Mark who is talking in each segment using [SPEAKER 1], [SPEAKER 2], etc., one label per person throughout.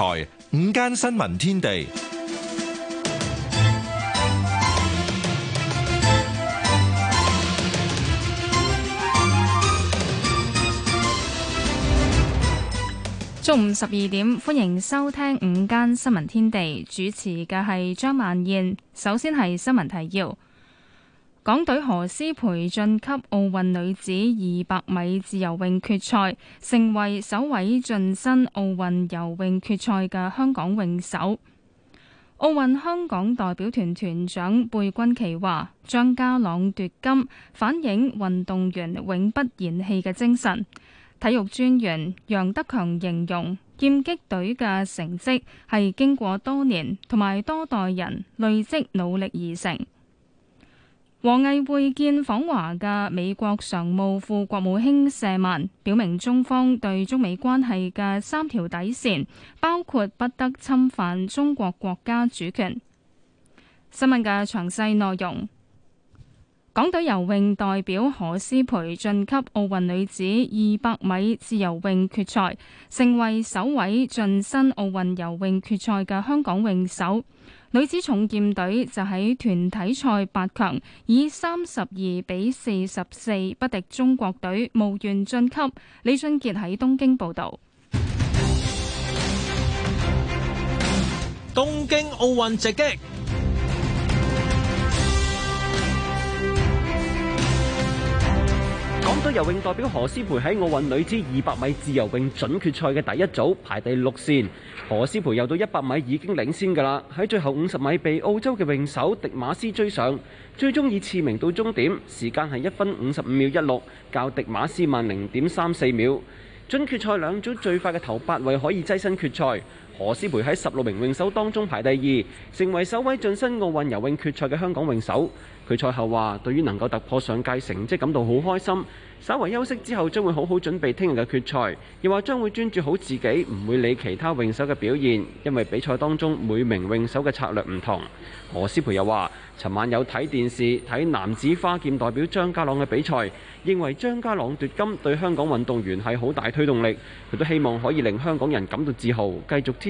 [SPEAKER 1] 台午間新聞天地，
[SPEAKER 2] 中午十二點，歡迎收聽午間新聞天地，主持嘅係張萬燕。首先係新聞提要。港隊何詩蓓晉級奧運女子二百米自由泳決賽，成為首位晉身奧運游泳決賽嘅香港泳手。奧運香港代表團團長貝鈞奇話：張家朗奪金，反映運動員永不言棄嘅精神。體育專員楊德強形容劍擊隊嘅成績係經過多年同埋多代人累積努力而成。王毅會見訪華嘅美國常務副國務卿舍曼，表明中方對中美關係嘅三條底線，包括不得侵犯中國國家主權。新聞嘅詳細內容：港隊游泳代表何詩蓓晉級奧運女子二百米自由泳決賽，成為首位晉身奧運游泳決賽嘅香港泳手。女子重劍隊就喺團體賽八強，以三十二比四十四不敵中國隊，無緣晉級。李俊杰喺東京報道。東
[SPEAKER 3] 京奧運直擊。港隊游泳代表何詩培喺奧運女子二百米自由泳準決賽嘅第一組排第六線，何詩培游到一百米已經領先噶啦，喺最後五十米被澳洲嘅泳手迪馬斯追上，最終以次名到終點，時間係一分五十五秒一六，較迪馬斯慢零點三四秒。準決賽兩組最快嘅頭八位可以躋身決賽。何詩蓓喺十六名泳手當中排第二，成為首位晉身奧運游泳決、決賽嘅香港泳手。佢賽後話：對於能夠突破上屆成績感到好開心。稍為休息之後，將會好好準備聽日嘅決賽。又話將會專注好自己，唔會理其他泳手嘅表現，因為比賽當中每名泳手嘅策略唔同。何詩蓓又話：尋晚有睇電視睇男子花劍代表張家朗嘅比賽，認為張家朗奪金對香港運動員係好大推動力。佢都希望可以令香港人感到自豪，繼續添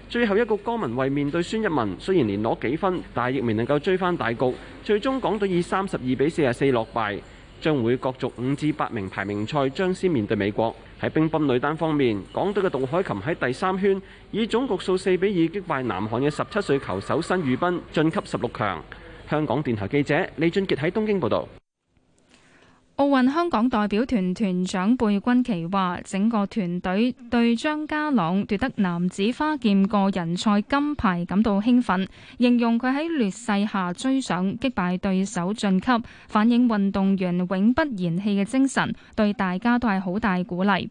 [SPEAKER 3] 最後一個，江文慧面對孫一文，雖然連攞幾分，但亦未能夠追翻大局，最終港隊以三十二比四十四落敗，將會角逐五至八名排名賽，將先面對美國。喺乒乓女單方面，港隊嘅杜海琴喺第三圈以總局數四比二擊敗南韓嘅十七歲球手申裕斌，晉級十六強。香港電台記者李俊傑喺東京報導。
[SPEAKER 2] 奧運香港代表團團長貝鈞奇話，整個團隊對張家朗奪得男子花劍個人賽金牌感到興奮，形容佢喺劣勢下追上擊敗對手晉級，反映運動員永不言棄嘅精神，對大家都係好大鼓勵。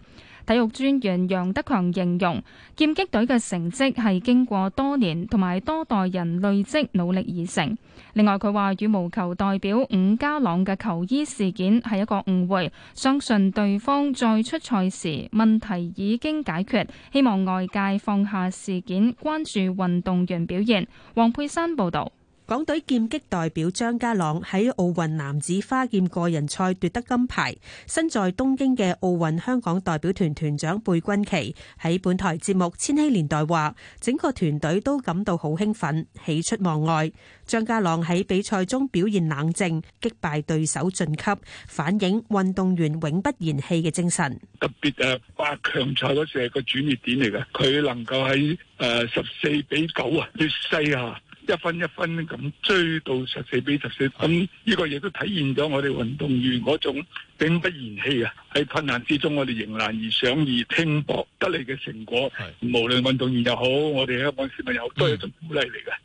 [SPEAKER 2] 體育專員楊德強形容，劍擊隊嘅成績係經過多年同埋多代人累積努力而成。另外，佢話羽毛球代表伍家朗嘅球衣事件係一個誤會，相信對方再出賽時問題已經解決，希望外界放下事件，關注運動員表現。黃佩珊報道。港
[SPEAKER 4] 隊劍擊代表張家朗喺奧運男子花劍個人賽奪得金牌。身在東京嘅奧運香港代表團團長貝君琪喺本台節目千禧年代話，整個團隊都感到好興奮，喜出望外。張家朗喺比賽中表現冷靜，擊敗對手晉級，反映運動員永不言棄嘅精神。
[SPEAKER 5] 特別誒八強賽嗰時係個轉折點嚟嘅，
[SPEAKER 1] 佢能夠喺誒十四比九啊，略西啊。一分一分咁追到十四比十四的，咁呢個亦都體現咗我哋運動員嗰種永不言棄啊！喺困難之中，我哋迎難而上而拼搏得嚟嘅成果，
[SPEAKER 5] 的無論運動員又好，我哋香港市民又好，都係一種鼓勵嚟嘅。嗯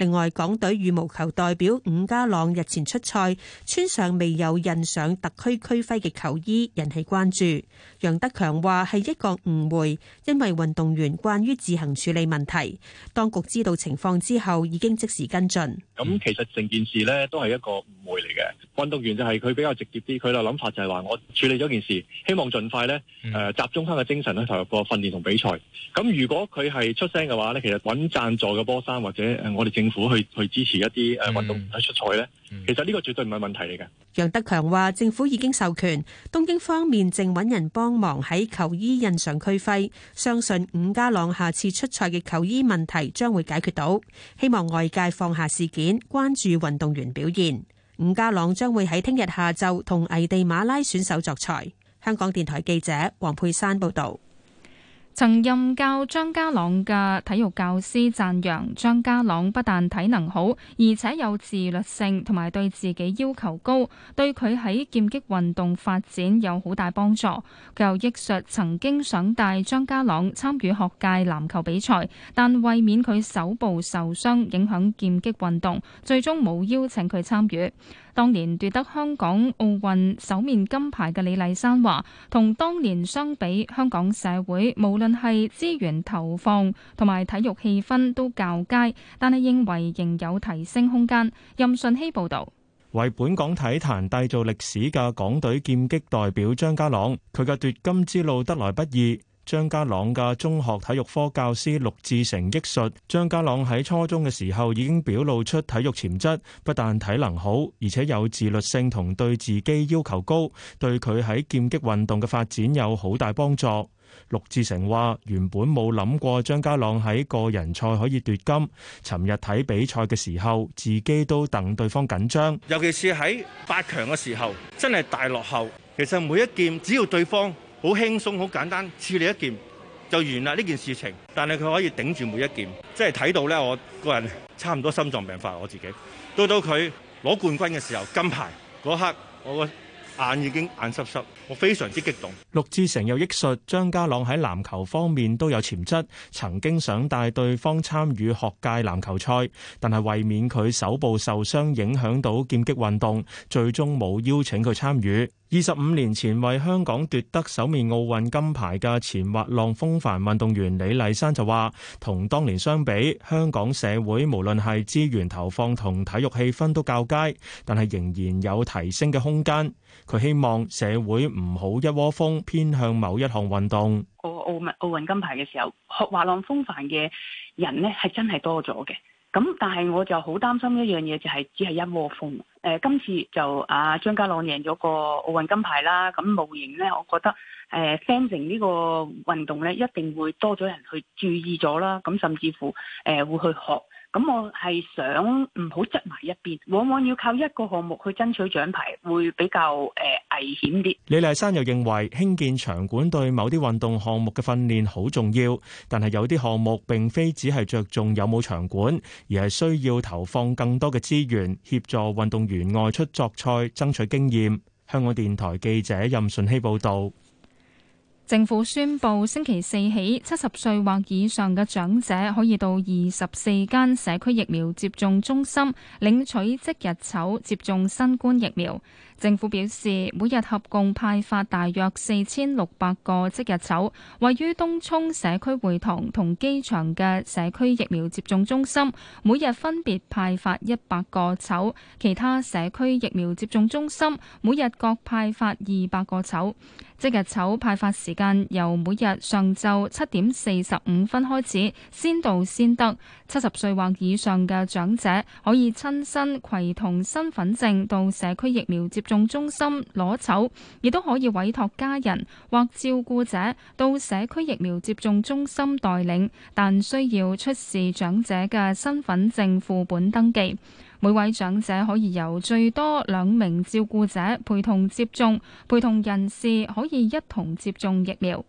[SPEAKER 4] 另外，港隊羽毛球代表伍家朗日前出賽，穿上未有印上特區區徽嘅球衣，引起關注。楊德強話係一個誤會，因為運動員慣於自行處理問題，當局知道情況之後已經即時跟進。
[SPEAKER 5] 咁其實成件事咧都
[SPEAKER 1] 係一個誤會嚟嘅，運動員就係佢比較直接啲，佢嘅諗法就係話我處理咗件事，希望盡快咧誒集中翻個精神咧投入個訓練同比賽。咁如果佢係出聲嘅話咧，其實揾贊助嘅波衫或者誒我哋政府去去支持一啲誒運動員喺出賽呢？其實呢個絕對唔係問題嚟㗎。
[SPEAKER 4] 楊德強話：政府已經授權東京方面，正揾人幫忙喺球衣印上區徽，相信伍家朗下次出賽嘅球衣問題將會解決到。希望外界放下事件，關注運動員表現。伍家朗將會喺聽日下晝同危地馬拉選手作賽。香港電台記者黃佩珊報道。曾任教張家朗嘅體
[SPEAKER 2] 育教師讚揚張家朗不但體能好，而且有自律性，同埋對自己要求高，對佢喺劍擊運動發展有好大幫助。佢又憶述，曾經想帶張家朗參與學界籃球比賽，但為免佢手部受傷影響劍擊運動，最終冇邀請佢參與。當年奪得香港奧運首面金牌嘅李麗珊話，同當年相比，香港社會無論係資源投放同埋體育氣氛都較佳，但係認為仍有提升空間。任順希報道，
[SPEAKER 1] 為本港體壇締造歷史嘅港隊劍擊代表張家朗，佢嘅奪金之路得來不易。張家朗嘅中學體育科教師陸志成憶述，張家朗喺初中嘅時候已經表露出體育潛質，不但體能好，而且有自律性同對自己要求高，對佢喺劍擊運動嘅發展有好大幫助。陸志成話，原本冇諗過張家朗喺個人賽可以奪金，尋日睇比賽嘅時候，自己都戥對方緊張，尤其是喺八強嘅時候，真係大落後。其實每一劍只要對方。好輕鬆，好簡單，處理一件就完啦呢件事情。但係佢可以頂住每一件，即係睇到咧，我個人差唔多心臟病發，我自己。到到佢攞冠軍嘅時候，金牌嗰刻，我個眼已經眼濕濕，我非常之激動。陸志成有憶述，張家朗喺籃球方面都有潛質，曾經想帶對方參與學界籃球賽，但係為免佢手部受傷影響到劍擊運動，最終冇邀請佢參與。二十五年前為香港奪得首面奧運金牌嘅前滑浪風帆運動員李麗珊就話，同當年相比，香港社會無論係資源投放同體育氣氛，都較佳，但係仍然有提升嘅空間。佢希望社會唔好一窩蜂偏向某一項運動。
[SPEAKER 6] 我奧奧運金牌嘅時候，學滑浪風帆嘅人呢係真係多咗嘅。咁但係我就好擔心一樣嘢，就係、是、只係一窩蜂。誒、呃、今次就啊張家朗贏咗個奧運金牌啦，咁、啊、無形咧，我覺得誒、呃、fencing 呢個運動咧，一定會多咗人去注意咗啦，咁、啊、甚至乎誒、呃、會去學。咁我係想唔好執埋一邊，往往要靠一
[SPEAKER 5] 個項目去爭取獎牌會比較誒危險啲。
[SPEAKER 1] 李麗珊又認為，興建場館對某啲運動項目嘅訓練好重要，但係有啲項目並非只係着重有冇場館，而係需要投放更多嘅資源，協助運動員外出作賽，爭取經驗。香港電台記者任順希報道。
[SPEAKER 2] 政府宣布，星期四起，七十歲或以上嘅長者可以到二十四間社區疫苗接種中心領取即日籌接種新冠疫苗。政府表示，每日合共派發大約四千六百個即日籌，位於東涌社區會堂同機場嘅社區疫苗接種中心，每日分別派發一百個籌；其他社區疫苗接種中心每日各派發二百個籌。即日籌派發時間由每日上晝七點四十五分開始，先到先得。七十歲或以上嘅長者可以親身攜同身份證到社區疫苗接種種中心攞走，亦都可以委托家人或照顧者到社區疫苗接種中心代領，但需要出示長者嘅身份證副本登記。每位長者可以由最多兩名照顧者陪同接種，陪同人士可以一同接種疫苗。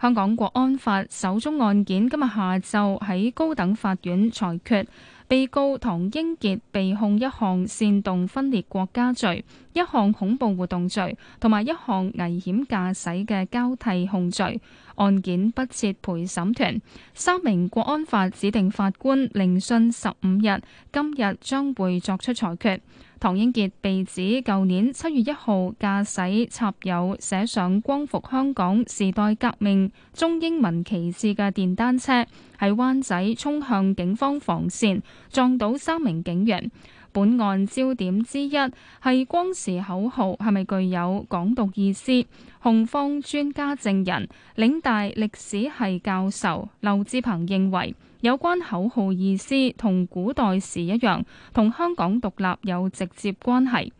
[SPEAKER 2] 香港《國安法》首宗案件今日下晝喺高等法院裁決。被告唐英傑被控一項煽動分裂國家罪、一項恐怖活動罪，同埋一項危險駕駛嘅交替控罪。案件不設陪審團，三名國安法指定法官聆訊十五日，今日將會作出裁決。唐英傑被指舊年七月一號駕駛插有寫上「光復香港時代革命」中英文旗幟嘅電單車，喺灣仔衝向警方防線，撞倒三名警員。本案焦點之一係光時口號係咪具有港獨意思？控方專家證人、領大歷史系教授劉志鵬認為。有關口號意思同古代時一樣，同香港獨立有直接關係。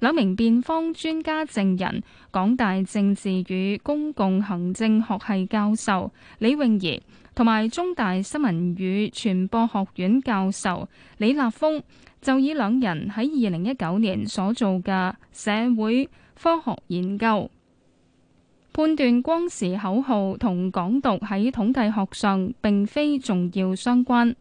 [SPEAKER 2] 兩名辯方專家證人，港大政治與公共行政學系教授李詠怡，同埋中大新聞與傳播學院教授李立峰，就以兩人喺二零一九年所做嘅社會科學研究。判斷光時口號同港獨喺統計學上並非重要相關。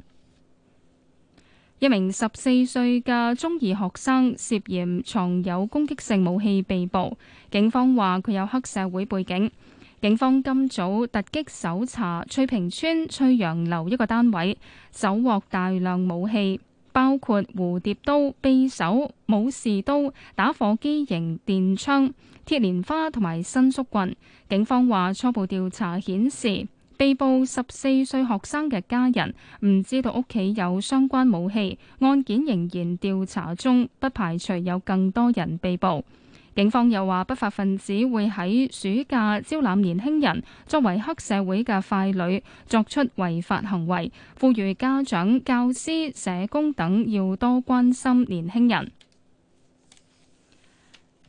[SPEAKER 2] 一名十四歲嘅中二學生涉嫌藏有攻擊性武器被捕，警方話佢有黑社會背景。警方今早突擊搜查翠屏村翠楊樓一個單位，搜獲大量武器，包括蝴蝶刀、匕首、武士刀、打火機型電槍。鐵蓮花同埋新宿郡警方話，初步調查顯示被捕十四歲學生嘅家人唔知道屋企有相關武器，案件仍然調查中，不排除有更多人被捕。警方又話，不法分子會喺暑假招攬年輕人作為黑社會嘅傀儡，作出違法行為，呼籲家長、教師、社工等要多關心年輕人。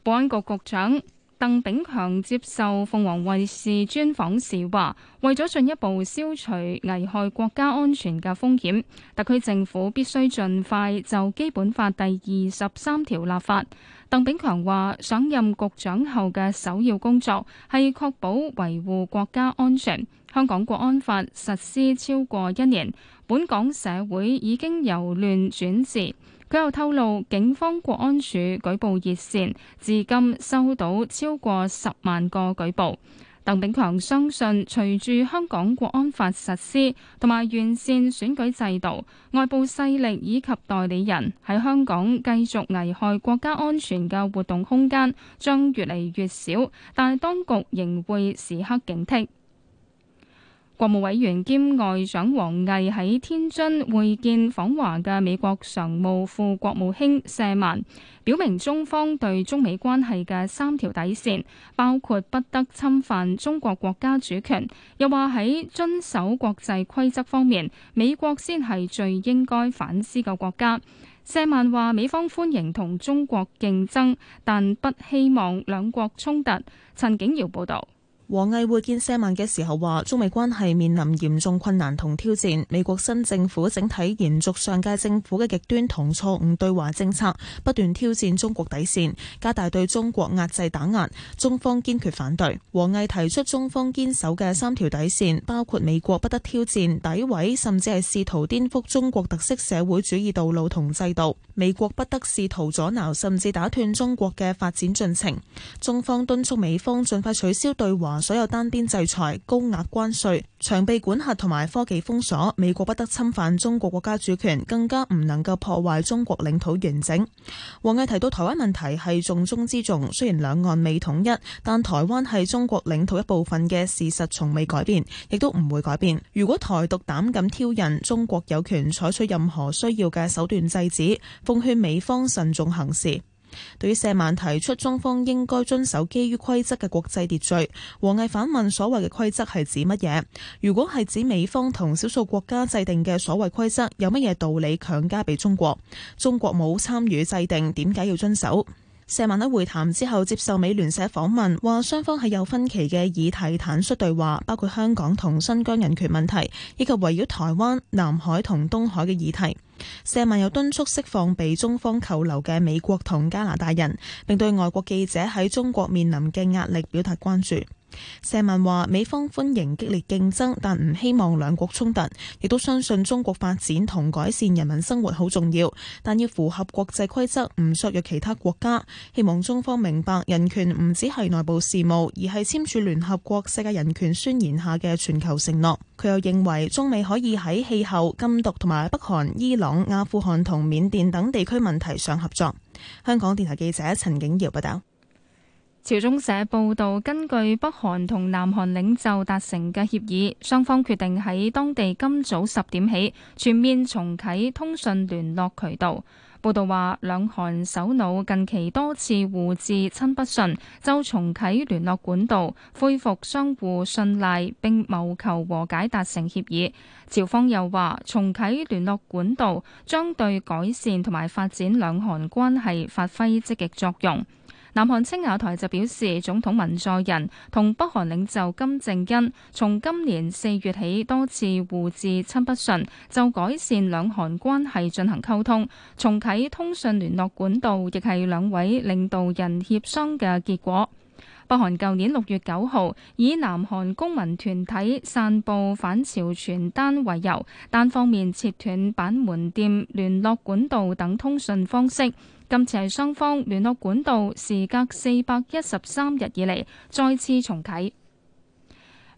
[SPEAKER 2] 保安局局長鄧炳強接受鳳凰衛視專訪時話：「為咗進一步消除危害國家安全嘅風險，特區政府必須盡快就《基本法》第二十三條立法。」鄧炳強話，上任局長後嘅首要工作係確保維護國家安全。香港國安法實施超過一年，本港社會已經由亂轉治。佢又透露，警方國安署舉報熱線至今收到超過十萬個舉報。鄧炳強相信，隨住香港國安法實施同埋完善選舉制度，外部勢力以及代理人喺香港繼續危害國家安全嘅活動空間將越嚟越少，但當局仍會時刻警惕。國務委員兼外長王毅喺天津會見訪華嘅美國常務副國務卿謝曼，表明中方對中美關係嘅三條底線，包括不得侵犯中國國家主權。又話喺遵守國際規則方面，美國先係最應該反思嘅國家。謝曼話美方歡迎同中國競爭，但不希望兩國衝突。陳景
[SPEAKER 7] 堯報道。王毅會見舍曼嘅時候話，中美關係面臨嚴重困難同挑戰，美國新政府整體延續上屆政府嘅極端同錯誤對華政策，不斷挑戰中國底線，加大對中國壓制打壓，中方堅決反對。王毅提出中方堅守嘅三條底線，包括美國不得挑戰、詆毀甚至係試圖顛覆中國特色社會主義道路同制度，美國不得試圖阻撓甚至打斷中國嘅發展進程，中方敦促美方盡快取消對華，所有單邊制裁、高額關稅、長臂管轄同埋科技封鎖，美國不得侵犯中國國家主權，更加唔能夠破壞中國領土完整。王毅提到台灣問題係重中之重，雖然兩岸未統一，但台灣係中國領土一部分嘅事實從未改變，亦都唔會改變。如果台獨膽敢挑釁，中國有權採取任何需要嘅手段制止。奉勸美方慎重行事。對於舍曼提出中方應該遵守基於規則嘅國際秩序，王毅反問所謂嘅規則係指乜嘢？如果係指美方同少數國家制定嘅所謂規則，有乜嘢道理強加俾中國？中國冇參與制定，點解要遵守？舍曼喺會談之後接受美聯社訪問，話雙方係有分歧嘅議題坦率對話，包括香港同新疆人權問題，以及圍繞台灣、南海同東海嘅議題。舍曼又敦促釋放被中方扣留嘅美國同加拿大人，並對外國記者喺中國面臨嘅壓力表達關注。舍曼話：美方歡迎激烈競爭，但唔希望兩國衝突，亦都相信中國發展同改善人民生活好重要，但要符合國際規則，唔削弱其他國家。希望中方明白人權唔只係內部事務，而係簽署聯合國世界人權宣言下嘅全球承諾。佢又認為中美可以喺氣候、禁毒同埋北韓、伊朗。阿富汗同緬甸等地區問題上合作。香港電台記者陳景堯報道。朝中社報道，根
[SPEAKER 2] 據北韓同南韓領袖達成嘅協議，雙方決定喺當地今早十點起全面重啟通訊聯絡渠道。報道話，兩韓首腦近期多次互致親筆信，就重啟聯絡管道，恢復相互信賴並謀求和解達成協議。朝方又話，重啟聯絡管道將對改善同埋發展兩韓關係發揮積極作用。南韓青瓦台就表示，總統文在寅同北韓領袖金正恩從今年四月起多次互致親筆信，就改善兩韓關係進行溝通，重啟通訊聯絡管道，亦係兩位領導人協商嘅結果。北韓舊年六月九號以南韓公民團體散佈反朝傳單為由，單方面切斷板門店聯絡管道等通訊方式。今次係雙方聯絡管道時隔四百一十三日以嚟再次重啟。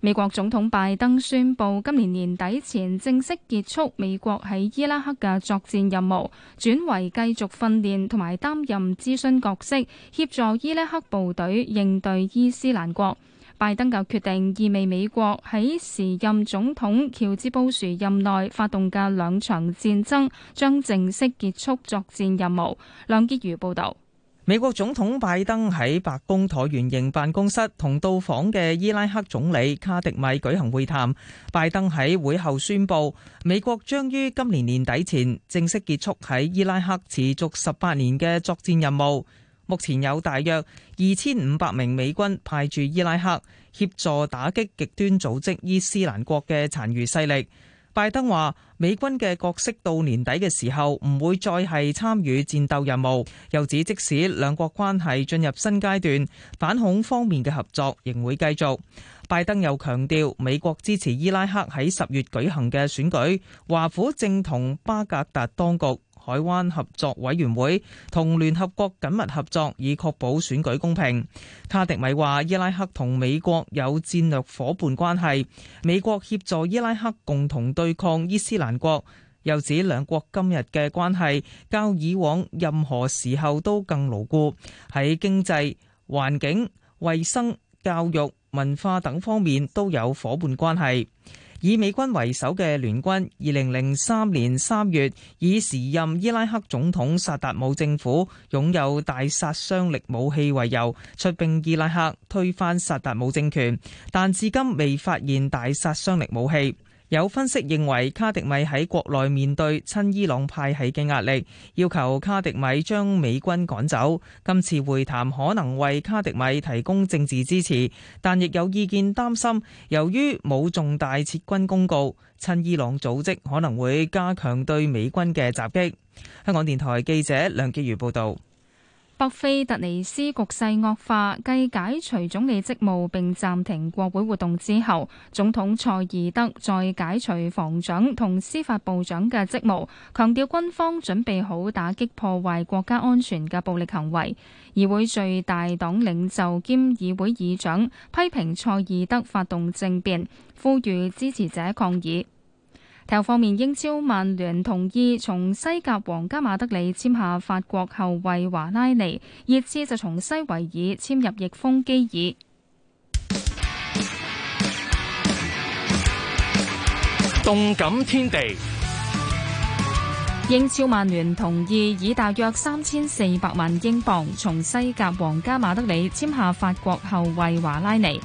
[SPEAKER 2] 美國總統拜登宣佈，今年年底前正式結束美國喺伊拉克嘅作戰任務，轉為繼續訓練同埋擔任諮詢角色，協助伊拉克部隊應對伊斯蘭國。拜登嘅決定意味美，美國喺時任總統喬治布殊任內發動嘅兩場戰爭將正式結束作戰任務。梁潔如報道。
[SPEAKER 6] 美國總統拜登喺白宮橢圓形辦公室同到訪嘅伊拉克總理卡迪米舉行會談。拜登喺會後宣布，美國將於今年年底前正式結束喺伊拉克持續十八年嘅作戰任務。目前有大約二千五百名美軍派駐伊拉克協助打擊極端組織伊斯蘭國嘅殘餘勢力。拜登話：美軍嘅角色到年底嘅時候唔會再係參與戰鬥任務，又指即使兩國關係進入新階段，反恐方面嘅合作仍會繼續。拜登又強調，美國支持伊拉克喺十月舉行嘅選舉，華府正同巴格達當局海灣合作委員會同聯合國緊密合作，以確保選舉公平。卡迪米話：伊拉克同美國有戰略伙伴關係，美國協助伊拉克共同對抗伊斯蘭國。又指兩國今日嘅關係，較以往任何時候都更牢固，喺經濟、環境、衛生、教育、文化等方面都有伙伴關係。以美軍為首嘅聯軍，二零零三年三月以時任伊拉克總統薩達姆政府擁有大殺傷力武器為由，出兵伊拉克推翻薩達姆政權，但至今未發現大殺傷力武器。有分析認為，卡迪米喺國內面對親伊朗派系嘅壓力，要求卡迪米將美軍趕走。今次會談可能為卡迪米提供政治支持，但亦有意見擔心，由於冇重大撤軍公告，親伊朗組織可能會加強對美軍嘅襲擊。香港電台記者梁基如報導。
[SPEAKER 2] 北非突尼斯局勢惡化，繼解除總理職務並暫停國會活動之後，總統蔡爾德再解除防長同司法部長嘅職務，強調軍方準備好打擊破壞國家安全嘅暴力行為，議會最大黨領袖兼議會議長批評蔡爾德發動政變，呼籲支持者抗議。體育方面，英超曼聯同意從西甲皇家馬德里簽下法國後衛華拉尼，熱刺就從西維爾簽入翼鋒基爾。
[SPEAKER 4] 動感
[SPEAKER 2] 天地，英超曼聯同意以大約三千四百萬英鎊從西甲皇家馬德里簽下法國後衛華拉尼。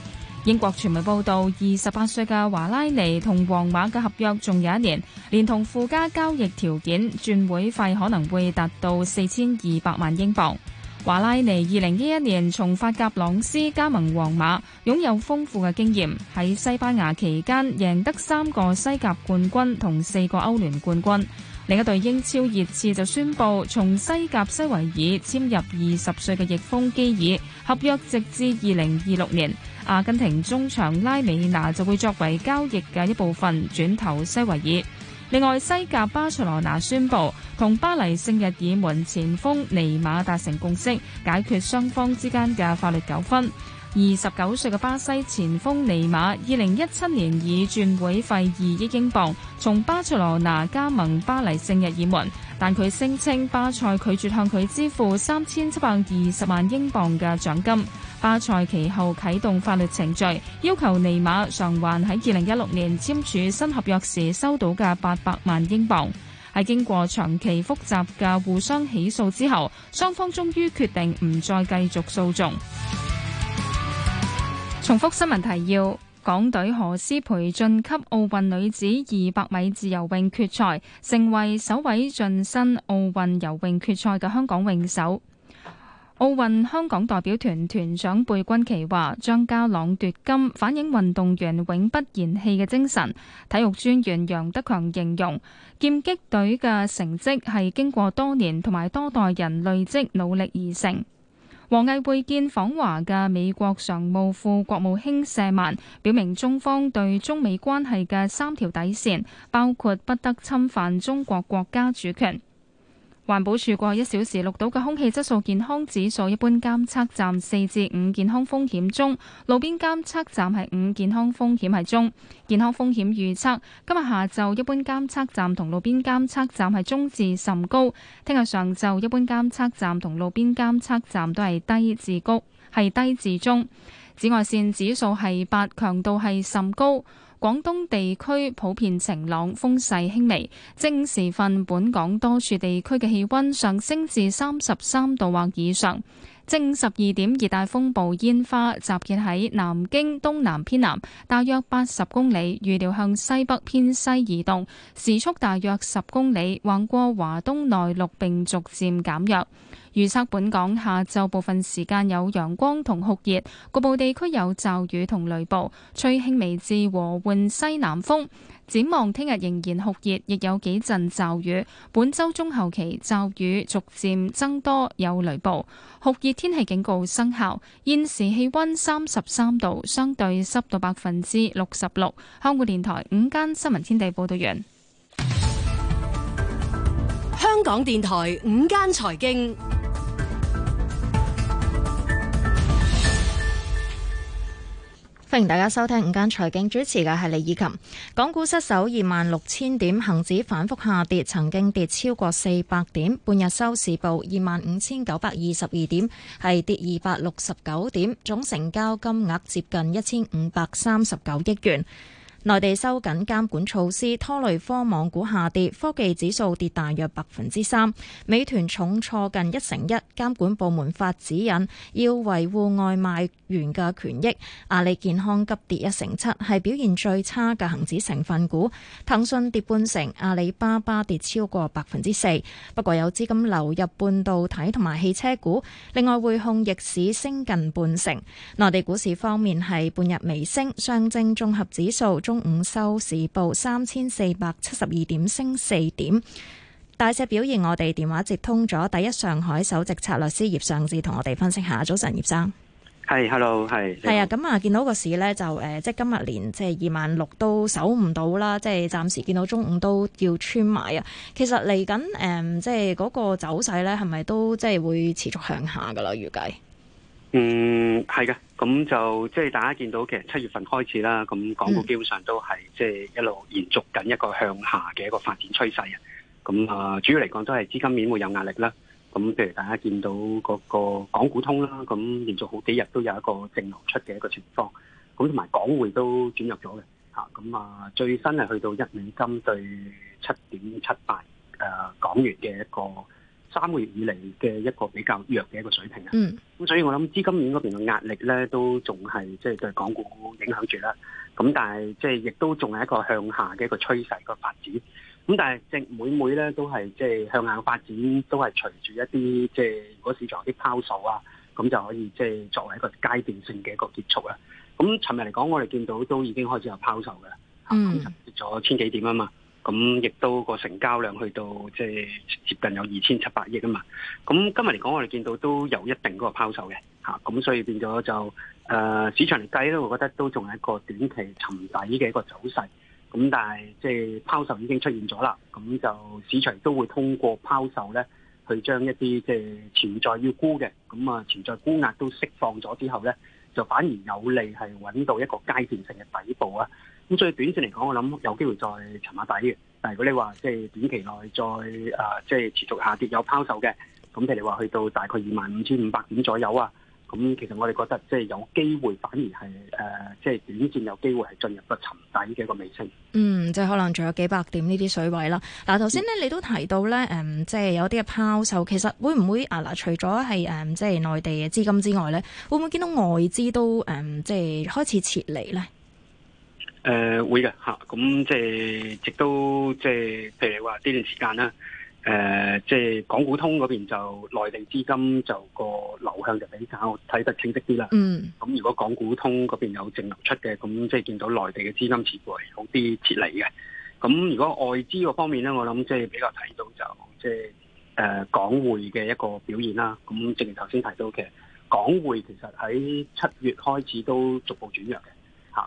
[SPEAKER 2] 英國傳媒報道，二十八歲嘅華拉尼同皇馬嘅合約仲有一年，連同附加交易條件，轉會費可能會達到四千二百萬英鎊。華拉尼二零一一年從法甲朗斯加盟皇馬，擁有豐富嘅經驗，喺西班牙期間，贏得三個西甲冠軍同四個歐聯冠軍。另一隊英超熱刺就宣布從西甲西維爾簽入二十歲嘅逆風基爾，合約直至二零二六年。阿根廷中場拉美娜就會作為交易嘅一部分轉投西維爾。另外，西甲巴塞羅那宣布同巴黎聖日耳門前鋒尼馬達成共識，解決雙方之間嘅法律糾紛。二十九歲嘅巴西前鋒尼馬，二零一七年以轉會費二億英鎊從巴塞羅那加盟巴黎聖日耳門，但佢聲稱巴塞拒絕向佢支付三千七百二十萬英鎊嘅獎金。巴塞其後啟動法律程序，要求尼馬償還喺二零一六年簽署新合約時收到嘅八百萬英鎊。喺經過長期複雜嘅互相起訴之後，雙方終於決定唔再繼續訴訟。重復新聞提要：港隊何詩蓓晉級奧運女子二百米自由泳決賽，成為首位晉身奧運游泳決賽嘅香港泳手。奧運香港代表團團長貝君琪話：張家朗奪金反映運動員永不言棄嘅精神。體育專員楊德強形容劍擊隊嘅成績係經過多年同埋多代人累積努力而成。王毅會見訪華嘅美國常務副國務卿舍曼，表明中方對中美關係嘅三條底線，包括不得侵犯中國國家主權。環保署過一小時錄到嘅空氣質素健康指數，一般監測站四至五，健康風險中；路邊監測站係五，健康風險係中。健康風險預測：今日下晝一般監測站同路邊監測站係中至甚高；聽日上晝一般監測站同路邊監測站都係低至高。係低至中。紫外線指數係八，強度係甚高。廣東地區普遍晴朗，風勢輕微。正午時分，本港多處地區嘅氣溫上升至三十三度或以上。正十二點，熱帶風暴煙花集結喺南京東南偏南大約八十公里，預料向西北偏西移動，時速大約十公里，橫過華東內陸，並逐漸減弱。預測本港下晝部分時間有陽光同酷熱，局部地區有驟雨同雷暴，吹輕微至和緩西南風。展望聽日仍然酷熱，亦有幾陣驟雨。本周中後期驟雨逐漸增多，有雷暴，酷熱天氣警告生效。現時氣溫三十三度，相對濕度百分之六十六。香港電台午間新聞天地報道完。
[SPEAKER 4] 香港電台午間財經。
[SPEAKER 8] 歡迎大家收聽午間財經。主持嘅係李以琴。港股失守二萬六千點，恒指反復下跌，曾經跌超過四百點，半日收市報二萬五千九百二十二點，係跌二百六十九點，總成交金額接近一千五百三十九億元。內地收緊監管措施拖累科網股下跌，科技指數跌大約百分之三。美團重挫近一成一，監管部門發指引要維護外賣員嘅權益。阿里健康急跌一成七，係表現最差嘅恒指成分股。騰訊跌半成，阿里巴巴跌超過百分之四。不過有資金流入半導體同埋汽車股。另外匯控逆市升近半成。內地股市方面係半日微升，上證綜合指數。中午收市報三千四百七十二點，升四點。大只表現，我哋電話接通咗。第一上海首席策略師葉尚志同我哋分析下。早晨，葉生，
[SPEAKER 5] 係、hey,，hello，係。係啊，
[SPEAKER 8] 咁啊好，見到個市呢，就誒，即係今日連即係二萬六都守唔到啦，即係暫時見到中午都要穿埋啊。其實嚟緊誒，即係嗰個走勢呢，係咪都即係會持續向下㗎喇？預計？
[SPEAKER 5] 嗯，係嘅，咁就即係大家見到，其實七月份開始啦，咁港股基本上都係、嗯、即係一路延續緊一個向下嘅一個發展趨勢啊。咁啊，主要嚟講都係資金面會有壓力啦。咁譬如大家見到嗰個港股通啦，咁延續好幾日都有一個淨流出嘅一個情況。咁同埋港匯都轉入咗嘅，吓、啊、咁啊，最新係去到一美金對七點七八誒港元嘅一個。三個月以嚟嘅一個比較弱嘅一個水平啊，咁、mm. 所以我諗資金鏈嗰邊嘅壓力咧都仲係即係對港股影響住啦。咁但係即係亦都仲係一個向下嘅一個趨勢個發展。咁但係即係每每咧都係即係向下發展，都係隨住一啲即係嗰市場有啲拋售啊，咁就可以即係作為一個階段性嘅一個結束啦。咁尋日嚟講，我哋見到都已經開始有拋售嘅，咁就跌咗千幾點啊嘛。咁亦都個成交量去到即係接近有二千七百億啊嘛，咁今日嚟講，我哋見到都有一定嗰個拋售嘅吓，咁、啊、所以變咗就誒、呃，市場嚟計咧，我覺得都仲係一個短期沉底嘅一個走勢，咁但係即係拋售已經出現咗啦，咁就市場都會通過拋售咧，去將一啲即係潛在要沽嘅，咁啊潛在沽壓都釋放咗之後咧，就反而有利係搵到一個階段性嘅底部啊。咁所以短線嚟講，我諗有機會再沉下底嘅。但係如果你話即係短期內再啊，即、呃、係持續下跌有拋售嘅，咁譬如話去到大概二萬五千五百點左右啊，咁其實我哋覺得即係有機會，反而係誒，即、呃、係短線有機會係進入個沉底嘅一個尾聲。
[SPEAKER 8] 嗯，即係可能仲有幾百點呢啲水位啦。嗱、啊，頭先咧你都提到咧，誒、呃，即係有啲嘅拋售，其實會唔會啊？嗱、呃，除咗係誒，即係內地嘅資金之外咧，會唔會見到外資都誒、呃，即係開始撤離咧？
[SPEAKER 5] 誒、呃，會嘅，吓，咁、啊、即係直到即係，譬如話呢段時間啦，誒、呃，即係港股通嗰邊就內地資金就個流向就比較睇得清晰啲啦。嗯。咁如果港股通嗰邊有淨流出嘅，咁即係見到內地嘅資金似乎係好啲撤離嘅。咁如果外資嗰方面咧，我諗即係比較睇到就即係誒、呃、港匯嘅一個表現啦。咁正如頭先提到嘅，港匯其實喺七月開始都逐步轉弱嘅。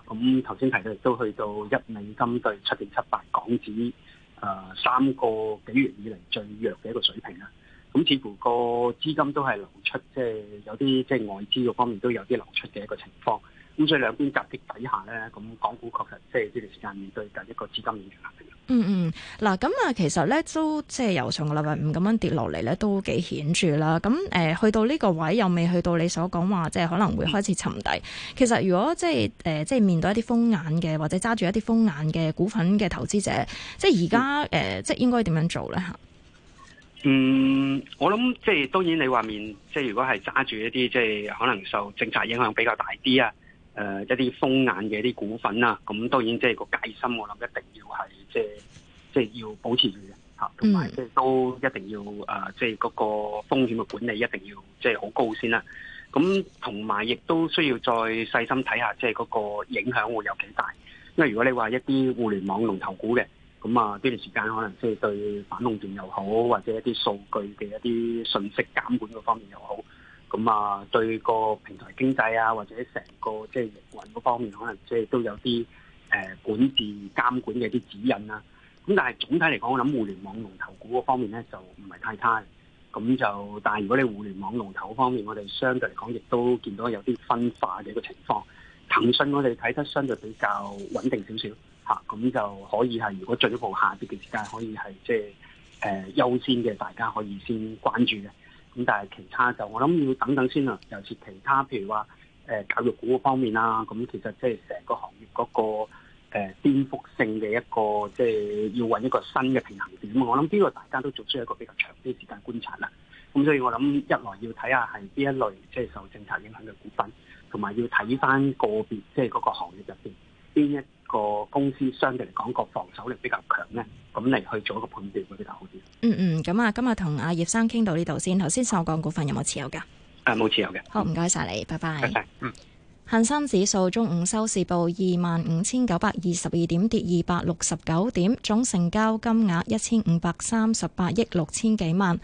[SPEAKER 5] 咁頭先提到都去到一美金對七點七八港紙，誒、三個幾月以嚟最弱嘅一個水平啦。咁似乎個資金都係流出，即係有啲即係外資嗰方面都有啲流出嘅一個情況。咁所以兩邊夾擊底下咧，咁港股確實即係呢段時間面對緊一個資金面嘅壓力。
[SPEAKER 8] 嗯嗯，嗱，咁啊，其實咧都即係由上個禮拜五咁樣跌落嚟咧，都幾顯著啦。咁、嗯、誒，去到呢個位又未去到你所講話，即係可能會開始沉底。其實如果即係誒、呃，即係面對一啲風眼嘅或者揸住一啲風眼嘅股份嘅投資者，即係而家誒，即係、嗯呃、應該點樣做咧吓？嗯，
[SPEAKER 5] 我諗即係當然你話面，即係如果係揸住一啲即係可能受政策影響比較大啲啊，誒、呃、一啲風眼嘅啲股份啊，咁當然即係個戒心，我諗一定要係。即係即係要保持住嘅吓，同埋即係都一定要誒，即係嗰個風險嘅管理一定要即係好高先啦。咁同埋亦都需要再細心睇下，即係嗰個影響會有幾大。因為如果你話一啲互聯網龍頭股嘅，咁啊呢段時間可能即係對反壟斷又好，或者一啲數據嘅一啲信息監管嗰方面又好，咁啊對個平台經濟啊，或者成個即係營運嗰方面，可能即係都有啲。誒管治監管嘅啲指引啦、啊，咁但係總體嚟講，我諗互聯網龍頭股嗰方面咧就唔係太差嘅，咁就但係如果你互聯網龍頭方面，我哋相對嚟講亦都見到有啲分化嘅一個情況。騰訊我哋睇得相對比較穩定少少，嚇、啊，咁就可以係如果進一步下跌嘅時間，可以係即係誒優先嘅大家可以先關注嘅。咁但係其他就我諗要等等先啦、啊。尤其其他譬如話誒、呃、教育股嗰方面啦、啊。咁其實即係成個行業嗰、那個。誒，顛覆性嘅一個，即係要搵一個新嘅平衡點。我諗呢個大家都仲需要一個比較長啲時間觀察啦。咁所以我諗一來要睇下係邊一類，即係受政策影響嘅股份，同埋要睇翻個別，即係嗰個行業入邊邊一個公司相對嚟講個防守力比較強咧，咁嚟去做一個判斷會比較好啲、嗯。嗯
[SPEAKER 8] 嗯，咁啊，今日同阿葉生傾到呢度先。頭先所講股份有冇持有噶？
[SPEAKER 5] 誒、啊，冇持有嘅。好，
[SPEAKER 8] 唔該晒你，嗯、拜拜。唔嗯。恒生指數中午收市報二萬五千九百二十二點，跌二百六十九點，總成交金額一千五百三十八億六千幾萬。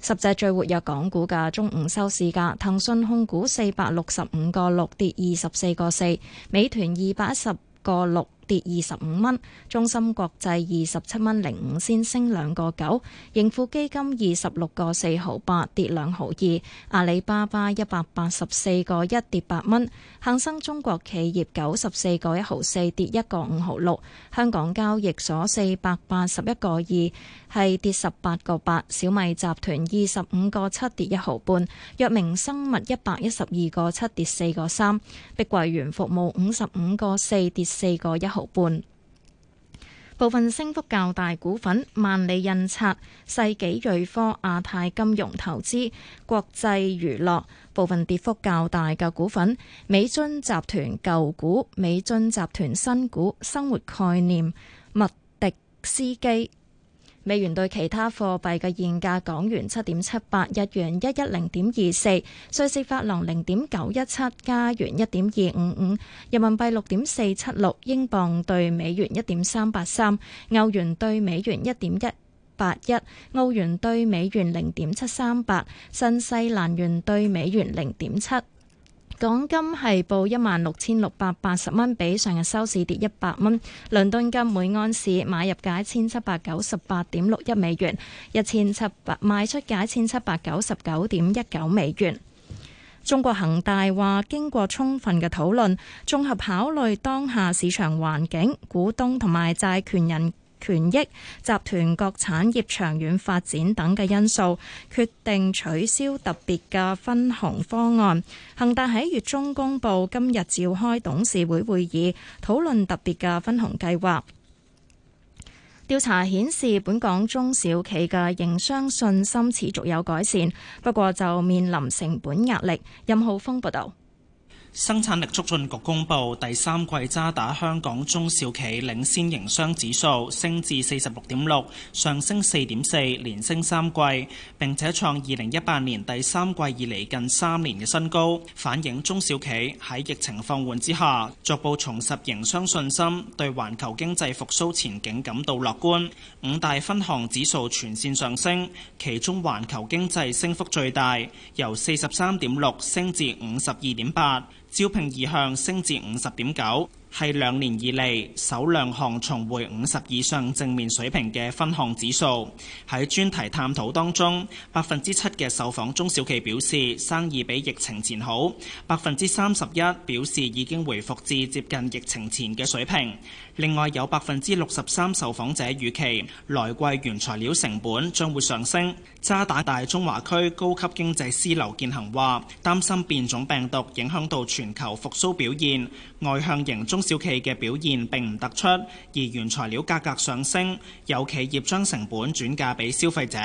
[SPEAKER 8] 十隻最活躍港股價，中午收市價：騰訊控股四百六十五個六，跌二十四個四；美團二百一十個六。跌二十五蚊，中芯國際二十七蚊零五先升兩個九，盈富基金二十六個四毫八跌兩毫二，阿里巴巴一百八十四個一跌八蚊，恒生中國企業九十四個一毫四跌一個五毫六，香港交易所四百八十一個二係跌十八個八，小米集團二十五個七跌一毫半，藥明生物一百一十二個七跌四個三，碧桂園服務五十五個四跌四個一毫。半部分升幅較大股份，萬里印刷、世紀瑞科、亞太金融投資、國際娛樂。部分跌幅較大嘅股份，美津集團舊股、美津集團新股、生活概念、麥迪斯基。美元兌其他貨幣嘅現價：港元七點七八，日元一一零點二四，瑞士法郎零點九一七，加元一點二五五，人民幣六點四七六，英鎊對美元一點三八三，歐元對美元一點一八一，澳元對美元零點七三八，新西蘭元對美元零點七。港金係報一萬六千六百八十蚊，比上日收市跌一百蚊。倫敦金每安士買入價一千七百九十八點六一美元，一千七百賣出價一千七百九十九點一九美元。中國恒大話，經過充分嘅討論，綜合考慮當下市場環境、股東同埋債權人。權益、集團各產業長遠發展等嘅因素，決定取消特別嘅分紅方案。恒大喺月中公布今日召開董事會會議，討論特別嘅分紅計劃。調查顯示，本港中小企嘅營商信心持續有改善，不過就面臨成本壓力。任浩峰報導。生產
[SPEAKER 9] 力促進局公布第三季渣打香港中小企領先營商指數升至四十六點六，上升四點四，連升三季，並且創二零一八年第三季以嚟近三年嘅新高，反映中小企喺疫情放緩之下逐步重拾營商信心，對環球經濟復甦前景感到樂觀。五大分行指數全線上升，其中環球經濟升幅最大，由四十三點六升至五十二點八。招聘意向升至五十點九，係兩年以嚟首兩項重回五十以上正面水平嘅分項指數。喺專題探討當中，百分之七嘅受訪中小企表示生意比疫情前好，百分之三十一表示已經回復至接近疫情前嘅水平。另外有百分之六十三受訪者預期來季原材料成本將會上升。渣打大中華區高級經濟師劉建恒話：擔心變種病毒影響到全球復甦表現。外向型中小企嘅表現並唔突出，而原材料價格上升，有企業將成本轉嫁俾消費者。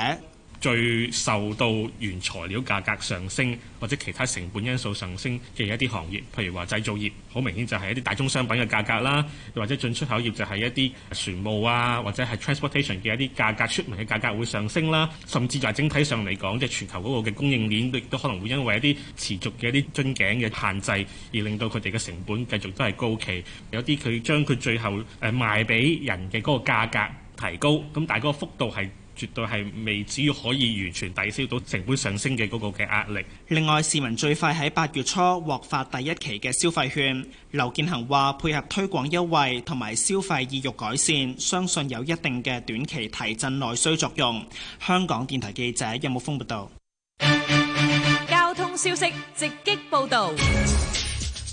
[SPEAKER 9] 最受到原材料價格上升或者其他成本因素上升嘅一啲行業，譬如話製
[SPEAKER 1] 造業，好明顯就係一啲大宗商品嘅價格啦，又或者進出口業就係一啲船務啊，或者係 transportation 嘅一啲價格出名嘅價格會上升啦，甚至就係整體上嚟講，即係全球嗰個嘅供應鏈亦都可能會因為一啲持續嘅一啲樽頸嘅限制，而令到佢哋嘅成本繼續都係高企，有啲佢將佢最後誒賣俾人嘅嗰個價
[SPEAKER 9] 格提高，咁但係嗰個幅度係。絕對係未至於可以完全抵消到成本上升嘅嗰個嘅壓力。另外，市民最快喺八月初獲發第一期嘅消費券。劉建恒話：配合推廣優惠同埋消費意欲改善，相信有一定嘅短期提振內需作用。香港電台記者任木風報道。
[SPEAKER 4] 交通消息直擊報導。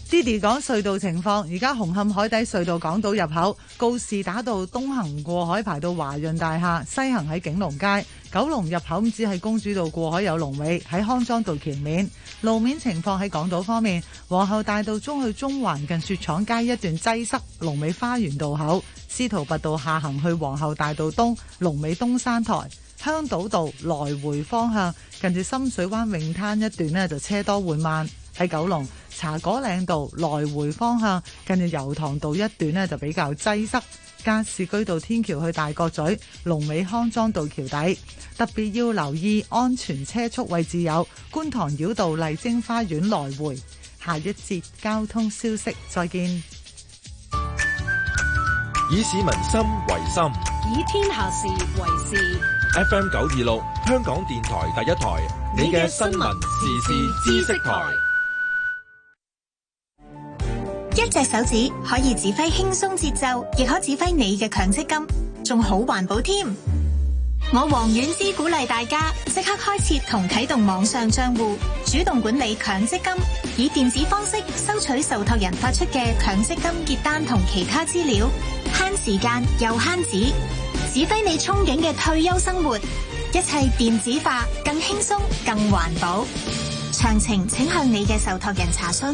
[SPEAKER 4] Didi
[SPEAKER 6] 講隧道情況，而家紅磡海底隧道港島入口告士打道東行過海排到華潤大廈，西行喺景隆街；九龍入口只喺公主道過海有龍尾喺康莊道前面路面情況喺港島方面，皇后大道中去中環近雪廠街一段擠塞，龍尾花園道口，司徒拔道下行去皇后大道東龍尾東山台，香島道來回方向近住深水灣泳灘一段呢就車多緩慢。喺九龍茶果嶺道來回方向，近住油塘道一段呢，就比較擠塞。加士居道天橋去大角咀、龍尾康莊道橋底，特別要留意安全車速位置有觀塘繞道麗晶花園來回。下一節交通
[SPEAKER 9] 消息，再見。
[SPEAKER 1] 以市民心為心，
[SPEAKER 9] 以天下事為
[SPEAKER 4] 事。
[SPEAKER 1] FM 九二六，香港電台第一台，
[SPEAKER 3] 你嘅新聞時事知識台。
[SPEAKER 8] 一隻手指可以指揮輕鬆節奏，亦可指揮你嘅強積金，仲好環保添。我王菀之鼓勵大家即刻開設同啟動網上賬戶，主動管理強積金，以電子方式收取受託人發出嘅強積金結單同其他資料，慳時間又慳紙，指揮你憧憬嘅退休生活，一切電子化更輕鬆更環保。詳情請向你嘅受託人查詢。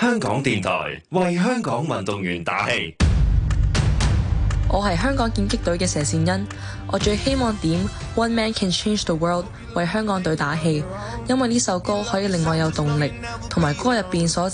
[SPEAKER 1] 香港電台為香港運動員打氣。
[SPEAKER 2] 我係香港劍擊隊嘅佘善欣，我最希望點？One man can change the world 為香港隊打氣，因為呢首歌可以令我有動力，同埋歌入邊所。